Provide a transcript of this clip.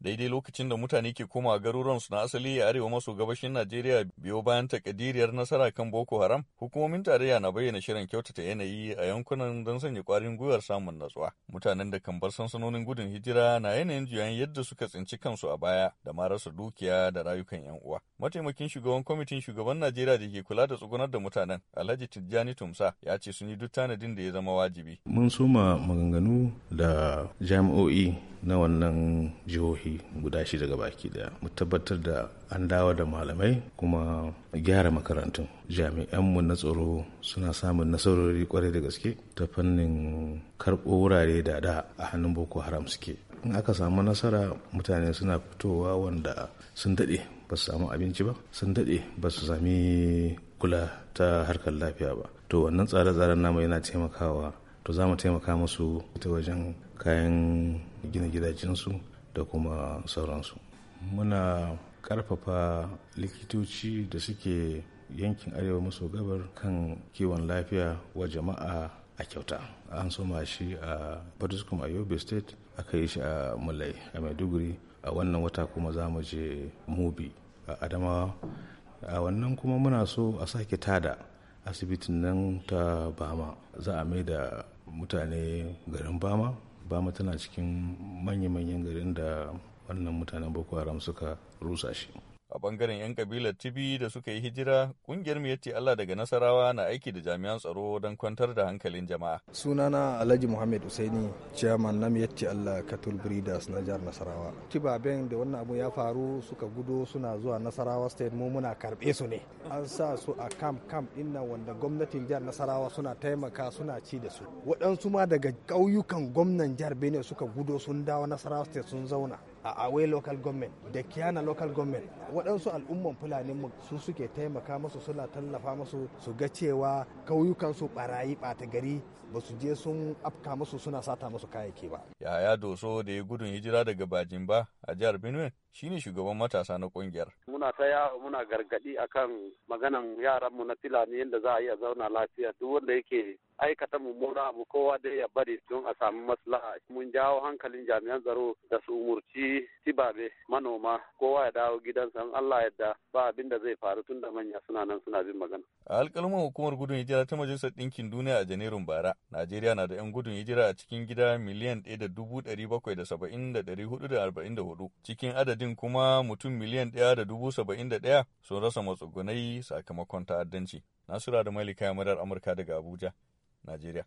daidai lokacin da mutane ke koma su na asali a arewa maso gabashin Najeriya biyo bayan takadiriyar nasara kan Boko Haram, hukumomin tarayya na bayyana shirin kyautata yanayi a yankunan don sanya kwarin gwiwar samun natsuwa. Mutanen da kan bar sansanonin gudun hijira na yanayin juyan yadda suka tsinci kansu a baya da ma rasa dukiya da rayukan yan uwa. Mataimakin shugaban kwamitin shugaban Najeriya da ke kula da tsugunar da mutanen, Alhaji Tijjani Tumsa, ya ce sun yi duk tanadin da ya zama wajibi. Mun soma maganganu da jami'o'i na wannan jihohi guda shida ga baki daya mu tabbatar da an dawo da malamai kuma gyara makarantun jami'anmu na tsaro suna samun nasarori kwarai da gaske ta fannin karɓo wurare da da a hannun boko haram suke in aka samu nasara mutane suna fitowa wanda sun daɗe ba su samu abinci ba sun daɗe ba su sami kula ta harkar lafiya ba to wannan tsare-tsaren namu yana taimakawa to za mu taimaka musu ta wajen kayan gina gidajensu da kuma sauransu muna karfafa likitoci da suke yankin arewa maso gabar kan kiwon lafiya wa jama'a a kyauta an soma shi a patiskum a yobe state aka yi shi a mulai a maiduguri a wannan wata kuma za mu je mubi a adamawa a wannan kuma muna so a sake tada asibitin nan ta bama za a mai da mutane garin bama bama tana cikin manya-manyan garin da wannan mutanen boko haram suka rusa shi a bangaren 'yan kabilar tibi da suka yi hijira kungiyar mu yace Allah daga Nasarawa na aiki da jami'an tsaro don kwantar da hankalin jama'a sunana Alhaji Muhammad Usaini chairman na yace Allah katul Breeders na jar Nasarawa tibaben da wannan abu ya faru suka gudo suna zuwa Nasarawa state mu muna karbe su ne an sa su a camp camp din wanda gwamnatin jihar Nasarawa suna taimaka suna ci da su waɗansu ma daga ƙauyukan gwamnan jar bene suka gudo sun dawo Nasarawa state sun zauna a away local government da kiyana local government waɗansu al'umman fulani mu su suke taimaka masu suna tallafa masu su ga cewa kauyukansu barayi ɓata gari ba su je sun afka masu suna sata masu kayayyaki ba. Yaya Doso da ya gudun hijira daga Bajin ba a jihar Benue shine shugaban matasa na kungiyar. Muna ta yawo muna gargadi akan maganan yaran mu na Fulani yadda za a yi zauna lafiya duk wanda yake aikata mummuna abu kowa dai ya bari don a sami maslaha mun jawo hankalin jami'an tsaro da su umurci tibabe manoma kowa ya dawo gidansa Allah yadda ba abin da zai faru tun da manya suna nan suna bin magana. A alƙalman hukumar gudun hijira ta Majalisar Ɗinkin Duniya a Janairun bara, Najeriya na da 'yan gudun hijira a cikin gida miliyan ɗaya da dubu ɗari bakwai da saba'in da ɗari hudu da arba'in da hudu, cikin adadin kuma mutum miliyan ɗaya da dubu saba'in da ɗaya sun rasa matsugunai sakamakon ta'addanci. Nasura da Malika Yamurar Amurka daga Abuja. 那几点？